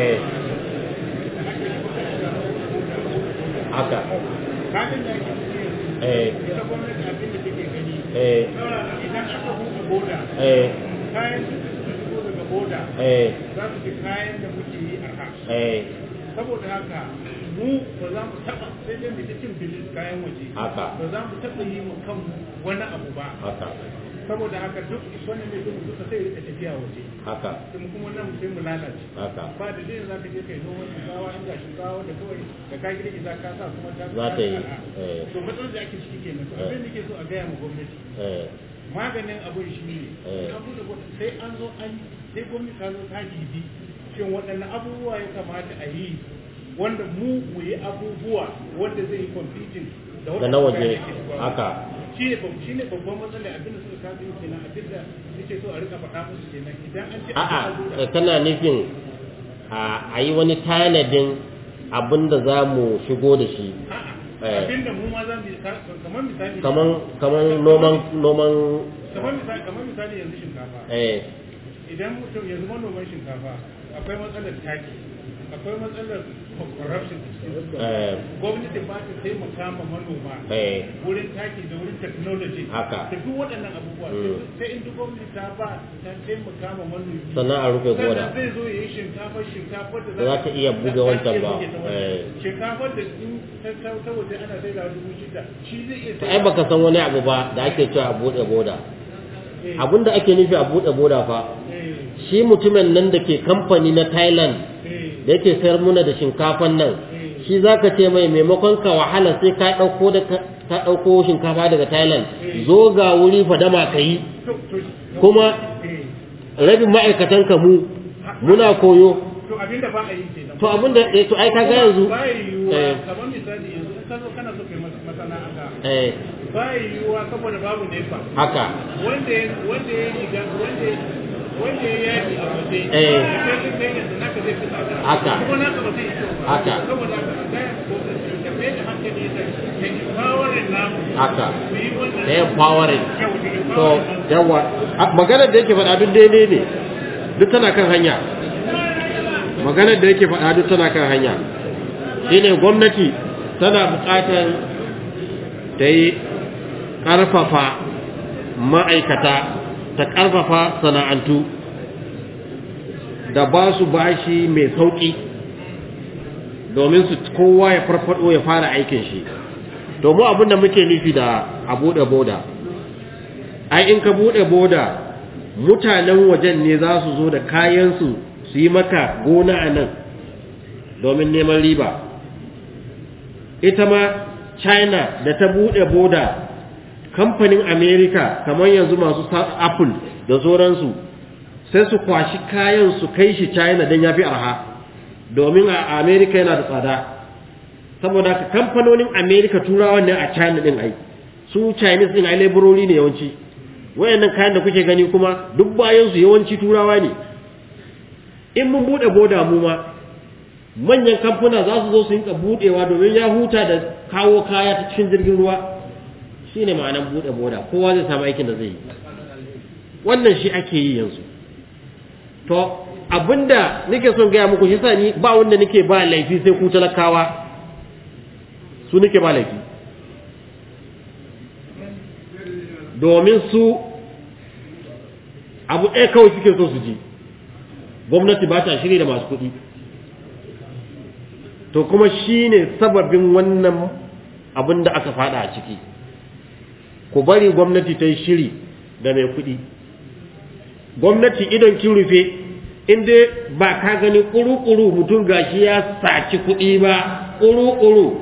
eh. haka eh. Eh. boda eh. za su fi kayan da muke yi arha eh. saboda haka mu ba za mu taba sai dai mu cin bilin kayan waje ba za mu taba yi mu kan wani abu ba saboda haka duk wannan ne duk suka sai rika tafiya waje haka mu kuma nan sai mu lalace haka ba da zai zaka je kai noman shugawa inda shugawa da kawai da ka girki za ka sa kuma ta za ta yi eh. to matsalar da ake ciki kenan abin da ke so a gaya ma gwamnati maganin abin shi ne eh. sai an zo an sai gwamnati ta zo ta jibi shin waɗanne abubuwa ya kamata a yi wanda mu mu yi abubuwa wanda zai yi kwamfitin da na waje haka shi ne babban matsala abin da suka kafin kafi kenan abin da nake so a rika faɗa musu ke nan idan an ce a'a tana nufin a yi wani tanadin abin da za mu shigo da shi Eh. abinda mu ma za mu kamar misali kamar kamar noman noman kamar misali kamar misali yanzu shinkafa eh idan mutum yanzu shinkafa akwai matsalar taki akwai matsalar Eh. gwamnati ba ta taimaka ma manoma eh. wurin taki da wurin technology haka da duk waɗannan abubuwa mm. sai in gwamnati ta ba ta taimaka ma manoma sannan a rufe gona zai zo ya yi shinkafa shinkafa da za ta iya buga wancan ba eh. shinkafa da in ta waje ana sai da dubu shida shi zai iya ta ai baka san wani abu ba da ake cewa a buɗe boda abinda ake nufi a buɗe boda fa shi mutumin nan da ke kamfani na thailand da yake sayar muna da shinkafan nan shi za ka ce mai maimakon ka wahala sai ka ɗauko shinkafa daga thailand zo ga wuri fadama ka yi kuma rabin ma'aikatan ka mu muna koyo to abinda ba a yi ke to abinda eh to ai kaga yanzu eh. kamar misali yanzu ka zo kana so kai masana'anta eh yi yiwuwa saboda babu nefa haka wanda wanda ya riga wanda eh da maganar da yake faɗa duk daidai ne duk tana kan hanya maganar da yake faɗa duk tana kan hanya Shi ne gwamnati tana buƙatar ta yi ƙarfafa ma'aikata ta ƙarfafa sana'antu da ba su bashi mai sauƙi domin su kowa ya farfado ya fara aikin shi to mu abin da muke nufi da a buɗe boda ai in ka buɗe boda mutanen wajen ne za su zo da kayansu su yi maka gona a nan domin neman riba ita ma china da ta buɗe boda kamfanin amerika kamar yanzu masu apple da sauransu sai su kwashi kayan su kai shi china don ya fi arha domin a america yana da tsada saboda ka kamfanonin america turawa ne a china din ai su chinese din ai laborori ne yawanci wayannan kayan da kuke gani kuma duk bayan su yawanci turawa ne in mun bude boda mu ma manyan kamfuna za su zo su yinka budewa domin ya huta da kawo kaya ta cikin jirgin ruwa Shi ne ma'anar buɗe boda kowa zai samu aikin da zai yi wannan shi ake yi yanzu to abinda nake son gaya muku shi sani ba wanda nake ba laifi sai ku talakawa su nake ba laifi domin su abu ɗaya kawai suke so su ji gwamnati ba ta shiri da masu kuɗi to kuma shi ne sababin wannan abin da aka fada a ciki ku bari gwamnati ta yi shiri da mai kuɗi gwamnati idan kin rufe inda ba ka gani ƙuru-ƙuru mutum gashi ya saci kuɗi ba ƙuru-ƙuru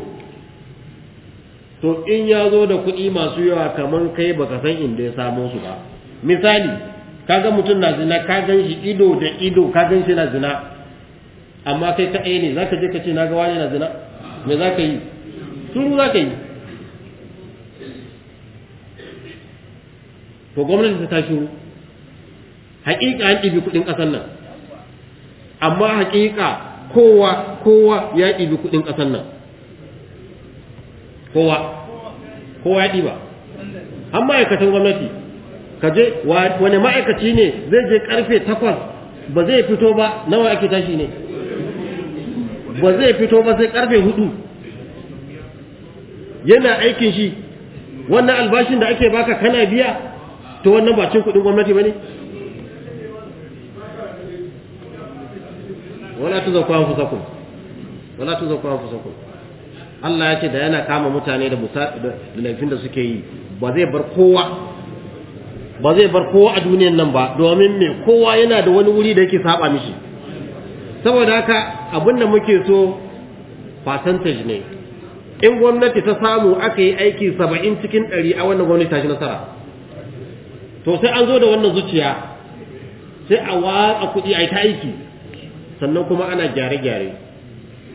to in ya zo da kuɗi masu yawa kamar kai ba ka san inda ya samo su ba misali kaga mutum na zina ka gan shi ido da ido ka gan shi na zina amma kai ka ne ka je ka ce na ga wani na zina me ka yi za ka yi to gwamnati ta tashi haƙiƙa an ɗibi kuɗin ƙasar nan amma haƙiƙa kowa kowa ya ɗibi kuɗin ƙasar nan kowa kowa ya ɗiba an ma'aikatan gwamnati ka je wani ma'aikaci ne zai je karfe takwas ba zai fito ba nawa ake tashi ne ba zai fito ba sai karfe hudu yana aikin shi wannan albashin da ake baka kana biya to wannan ba cin kudin gwamnati ba ne wala tu zakwa anfusakum wala tu zakwa anfusakum Allah ya ce da yana kama mutane da laifin da suke yi ba zai bar kowa ba zai bar kowa a duniyan nan ba domin mai kowa yana da wani wuri da yake saba mishi saboda haka abin da muke so percentage ne in gwamnati ta samu aka yi aiki 70 cikin 100 a wannan gwamnati ta shi nasara to sai an zo da wannan zuciya sai a watsa kuɗi a yi ta aiki sannan kuma ana gyare-gyare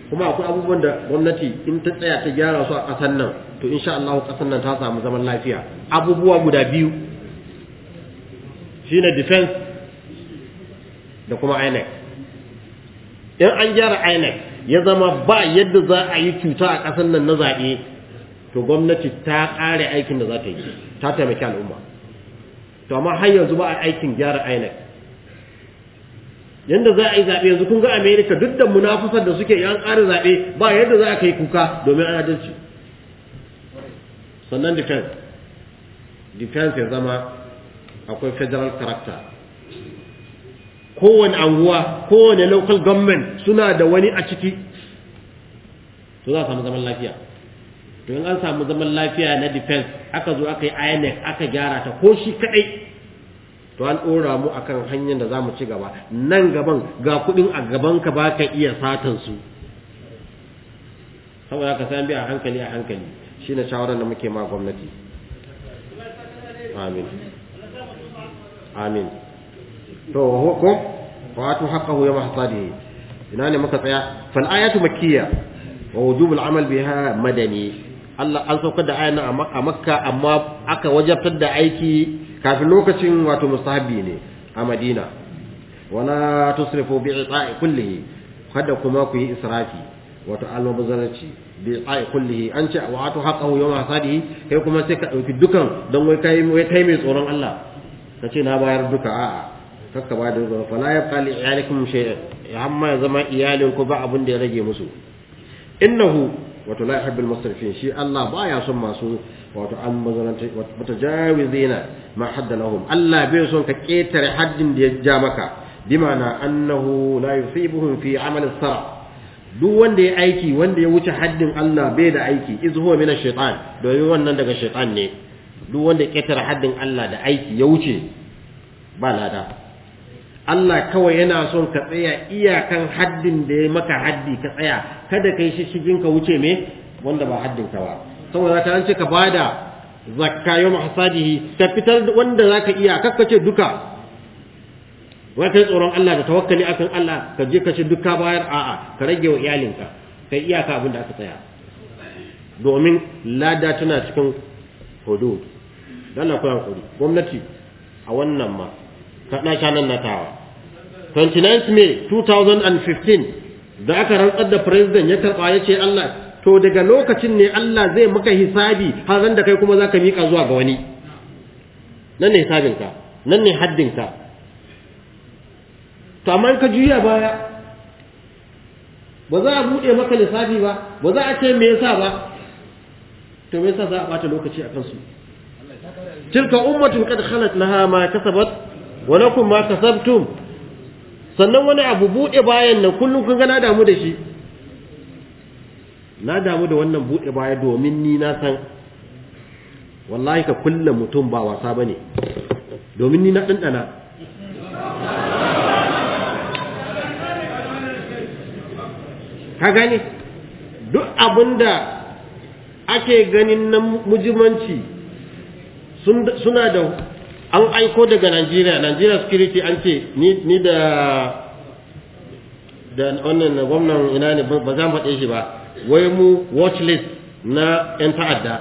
kuma akwai abubuwan da gwamnati in ta tsaya ta gyara su a ƙasar nan to sha Allah ƙasar nan ta samu zaman lafiya abubuwa guda biyu shine defense da kuma INEC in an gyara INEC ya zama ba yadda za a yi cuta a ƙasar nan na zaɓe to gwamnati ta ƙare aikin da za ta yi ta taimaki al'umma to amma har yanzu ba a aikin gyara INEC yanda za a yi zaɓe yanzu kun ga America duk da munafusar da suke yan ƙara zaɓe ba yadda za a kai kuka domin ana adalci sannan defense defense ya zama akwai federal character kowane anguwa kowane local government suna da wani a ciki to za a samu zaman lafiya to in an samu zaman lafiya na defense aka zo aka yi INEC aka gyara ta ko shi kadai to an dora mu akan hanyar da zamu ci gaba nan gaban ga kudin a gaban ka baka iya satan su saboda ka san bi a hankali a hankali shine shawaran da muke ma gwamnati amin amin to hukum fatu haqqahu ya hasadihi ina ne muka tsaya fal ayatu makkiyya wa wujubul amal biha madani Allah an saukar da ayyana a Makka amma aka wajabtar da aiki kafin lokacin wato mustahabi ne a Madina wala tusrifu bi ita'i kullihi kada kuma ku yi israfi wato almubazzaranci bi ita'i kullihi an ce wa atu yawma kai kuma sai ka dauki dukan dan wai kai wai kai mai tsoron Allah ce na bayar duka a'a kakka ba da zuwa fala ya qali iyalikum shay'an ya amma ya zama iyalinku ba abin da ya rage musu innahu wato la yuhibbul musrifin shi Allah baya son masu wato an mazalanta wato jawizina ma hadda lahum Allah bai son ka ketare haddin da ya ja maka bimana annahu la yusibuhum fi amal sara duk wanda ya aiki wanda ya wuce haddin Allah bai da aiki iz huwa min ash-shaytan domin wannan daga shaytan ne duk wanda ya ketare haddin Allah da aiki ya wuce ba lada Allah kawai yana son ka tsaya iyakan haddin da ya maka haddi ka tsaya kada kai shigin ka wuce me wanda ba haddin ka ba saboda ta an ce ka bada zakka yau mahsadihi ka fitar wanda zaka iya ce duka wai kai tsoron Allah da tawakkali akan Allah ka je ka ce duka bayar a'a ka rage wa iyalinka kai iyaka abin da aka tsaya domin lada tana cikin hudud dan akwai hudud gwamnati a wannan ma ka shanan natawa 29 May 2015 da aka rantsar da president ya karba ya ce Allah to daga lokacin ne Allah zai maka hisabi har zan da kai kuma zaka mika zuwa ga wani nan ne hisabinka nan ne haddinka to amma ka juya baya ba za a buɗe maka lissafi ba ba za a ce me yasa ba to me yasa za a bata lokaci akan su tilka ummatun qad khalat laha ma kasabat wa lakum ma kasabtum sannan wani abu buɗe bayan nan kullum kun ga na damu da shi na damu da wannan buɗe baya domin ni na san wallahi ka kullum mutum ba wasa bane domin ni na ɗanɗana ka gani duk abinda ake ganin na mujimanci suna da an aiko daga Najeriya Najeriya security an ce ni da da wannan gwamnan ina ne ba za mu faɗe shi ba wai mu watch list na yan ta'adda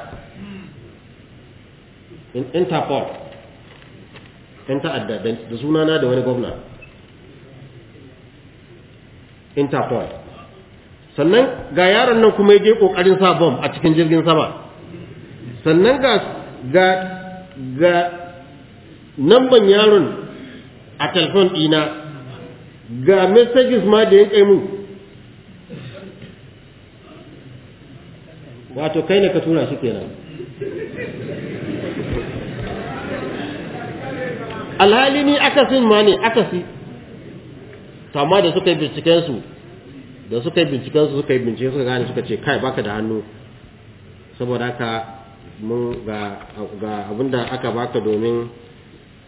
interpol yan ta'adda da sunana da wani gwamna interpol sannan ga yaron nan kuma ya je kokarin sa bomb a cikin jirgin sama sannan ga ga Nan ban yaron a telefon ɗina ga messages ma da ya kai mu wato kai ne ka tura shi kenan alhali ni akasin ma ne akasi kama da suka yi bincikensu da suka yi bincikensu suka yi bincike suka gane suka ce kai baka da hannu saboda haka mun ga abinda aka baka domin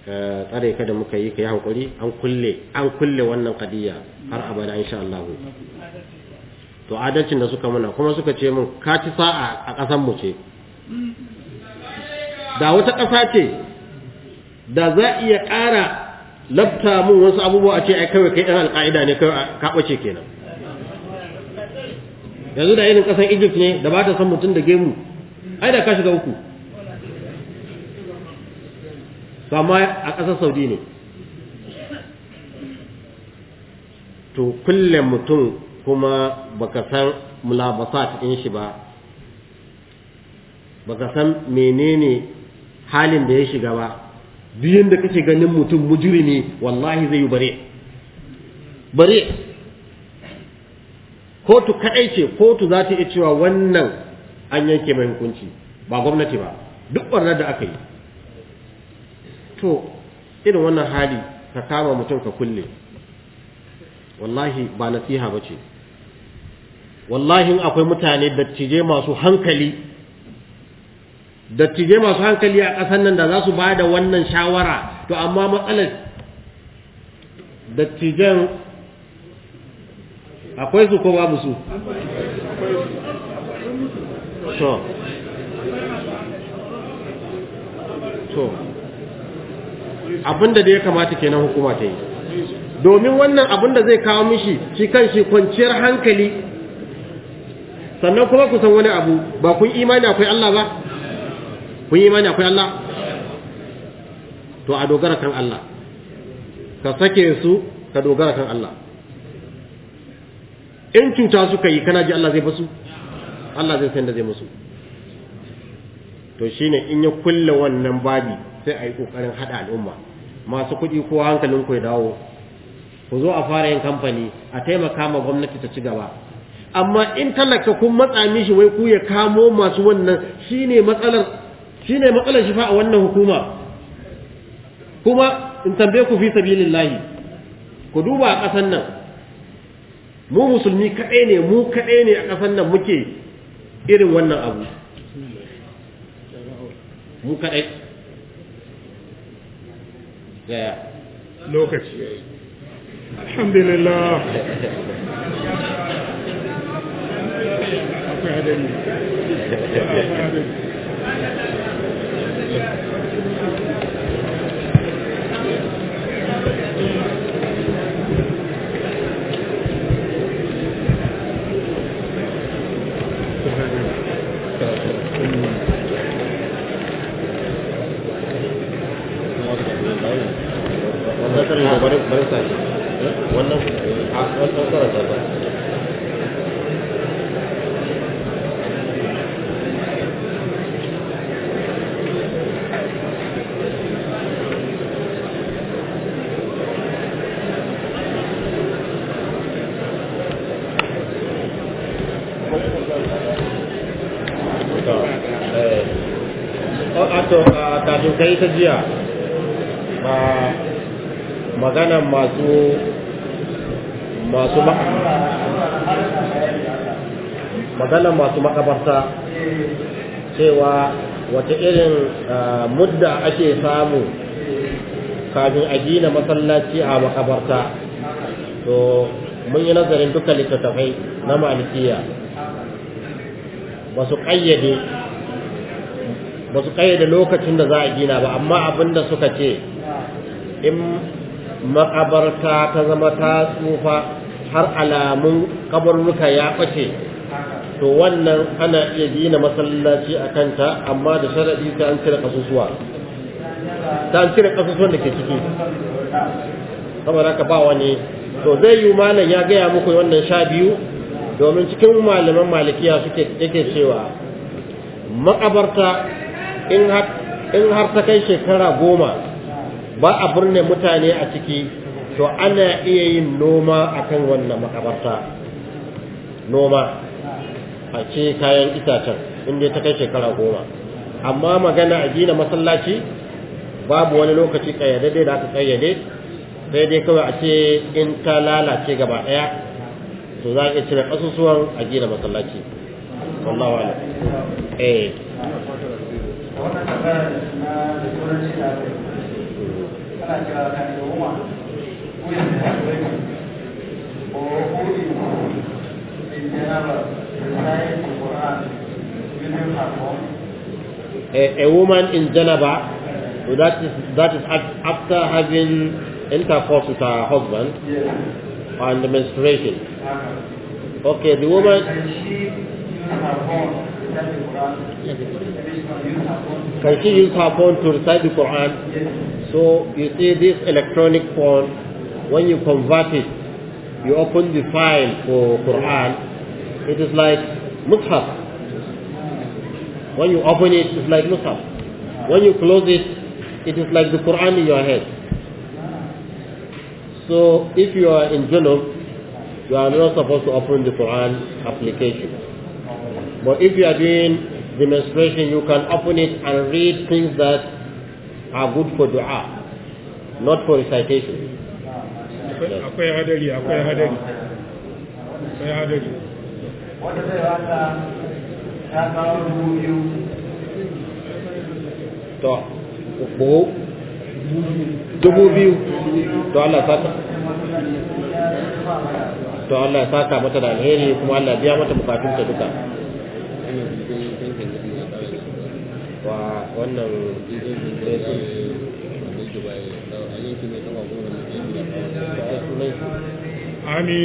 Eh, tsare ka da muka yi ka yi hankuri an kulle an kulle wannan kadiyya har abada insha Allah to adalcin da suka muna kuma suka ce mun ka ci sa'a a ƙasan mu ce da wata ƙasa ce da za iya ƙara labta mun wasu abubuwa a ce ai kawai kai ɗan alƙa'ida ne ka ɓace kenan yanzu da irin ƙasar Egypt ne da ba ta san mutum da gemu ai da ka shiga uku to amma a ƙasar saudi ne to kulle mutum kuma ka san mulabasat ɗin shi ba baka san menene halin da ya shiga ba biyun da kake ganin mutum mujrimi wallahi zai yi bare bare kotu kaɗai ce kotu za ta iya cewa wannan an yanke mai hukunci ba gwamnati ba duk ɓarnar da aka yi to irin wannan hali ka kama mutum ka kulle wallahi ba nasiha ba ce wallahi akwai mutane dattije masu hankali dattije masu hankali a ƙasar nan da za su ba da wannan shawara to amma matsalar dattijan akwai su ko babu su to abinda da ya kamata kenan hukuma ta yi domin wannan abin da zai kawo mishi shi kan shi kwanciyar hankali sannan kuma ku san wani abu ba kun imani akwai Allah ba kun imani akwai Allah to a dogara kan Allah ka sake su ka dogara kan Allah in cuta suka yi kana ji Allah zai basu Allah zai san da zai musu to shine in ya kulle wannan babi sai a yi ƙoƙarin haɗa al'umma masu kuɗi ko hankalin ku ya dawo ku zo a fara yin kamfani a taimaka ma gwamnati ta ci gaba amma in talaka kun matsa mishi wai ku ya kamo masu wannan shine matsalar shine matsalar shi a wannan hukuma kuma in tambaye ku fi sabilillahi ku duba a ƙasar nan mu musulmi kaɗai ne mu kaɗai ne a ƙasar nan muke irin wannan abu mu kaɗai yaya lokaci alhamdulillah akwai hadari ta yi ta jiya ba magana masu masu magana masu makabarta cewa wata irin ah, mudda ake samu kafin a gina masallaci a makabarta to mun yi nazarin duka littattafai na malikiya ba su ƙayyade ba su kayyade lokacin da za a gina ba amma abin da suka ce in makabarta ta zama ta tsufa har alamun kabarruka ya ɓace to wannan ana iya gina masallaci a kanta amma da sharaɗi ta an cire kasusuwa ta an cire kasusuwan da ke ciki saboda ka ba wani to zai yi malam ya gaya muku wannan sha biyu domin cikin malaman malikiya suke yake cewa makabarta in har in har ta kai shekara goma ba a birne mutane a ciki to ana iya yin noma akan wannan makabarta noma a ce kayan itacen inda ta kai shekara goma amma magana a gina masallaci babu wani lokaci kayyade da aka kayyade sai dai kawai a ce in ta lalace gaba daya to za a iya cire kasusuwan a gina masallaci wallahu a'lam eh a, a woman in Janaba So that is that is after having intercourse with her husband yes. and menstruation. Okay, the woman. And she used her phone can she use her phone to recite the Quran? So you see this electronic phone, when you convert it, you open the file for Quran, it is like Mus'haf. When you open it, it's like Mus'haf. When you close it, it is like the Quran in your head. So if you are in Junub, you are not supposed to open the Quran application. But if you are doing demonstration, you can open it and read things that are good for dua, not for recitation. Akwai hadari, akwai hadari. Akwai hadari. Wata zai ta kawo dubu biyu. To, dubu biyu. To Allah mata da alheri kuma Allah biya mata bukatunta duka. dangin wa wannan ne su ami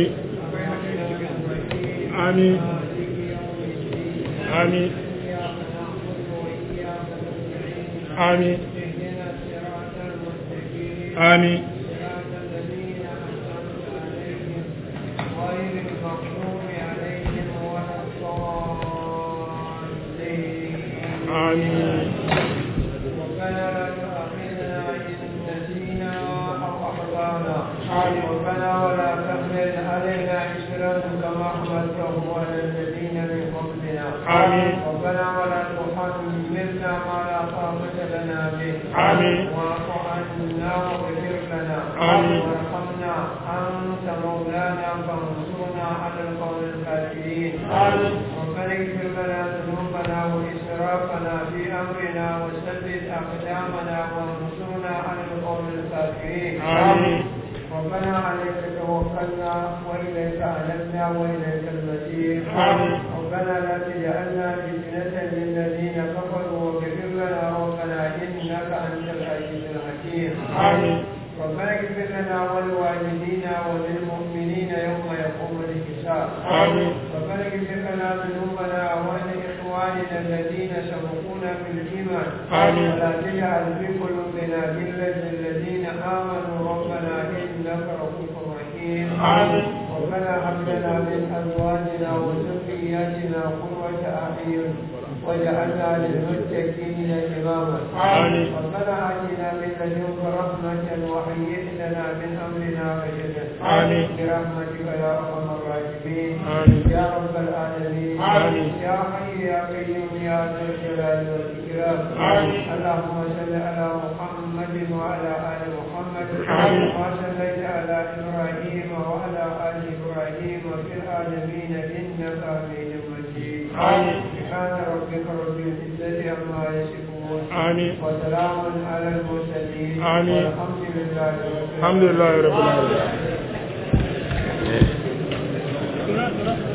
ami ami ami ami one وإليك المسيح ربنا لا تجعلنا فتنة للذين كفروا واغفر لنا ربنا إنك أنت العزيز الحكيم ربنا اغفر لنا ولوالدينا وللمؤمنين يوم يقوم الحساب ربنا اغفر لنا ذنوبنا ولإخواننا الذين سبقونا بالإيمان ولا تجعل في قلوبنا غلا للذين آمنوا ربنا إنك رؤوف رحيم ربنا هب لنا من ازواجنا وذرياتنا قرة اعين واجعلنا للمتقين اماما ربنا اتنا من لدنك رحمة وحيد لنا من امرنا رشدا برحمتك يا ارحم الراحمين يا رب العالمين يا حي يا قيوم يا ذا الجلال والاكرام اللهم صل على محمد وعلى ال محمد وسلم العالمين إنك حميد مجيد آمين سبحان ربك رب العزة عما يصفون آمين وسلام على المرسلين آمين والحمد لله رب العالمين الحمد لله رب العالمين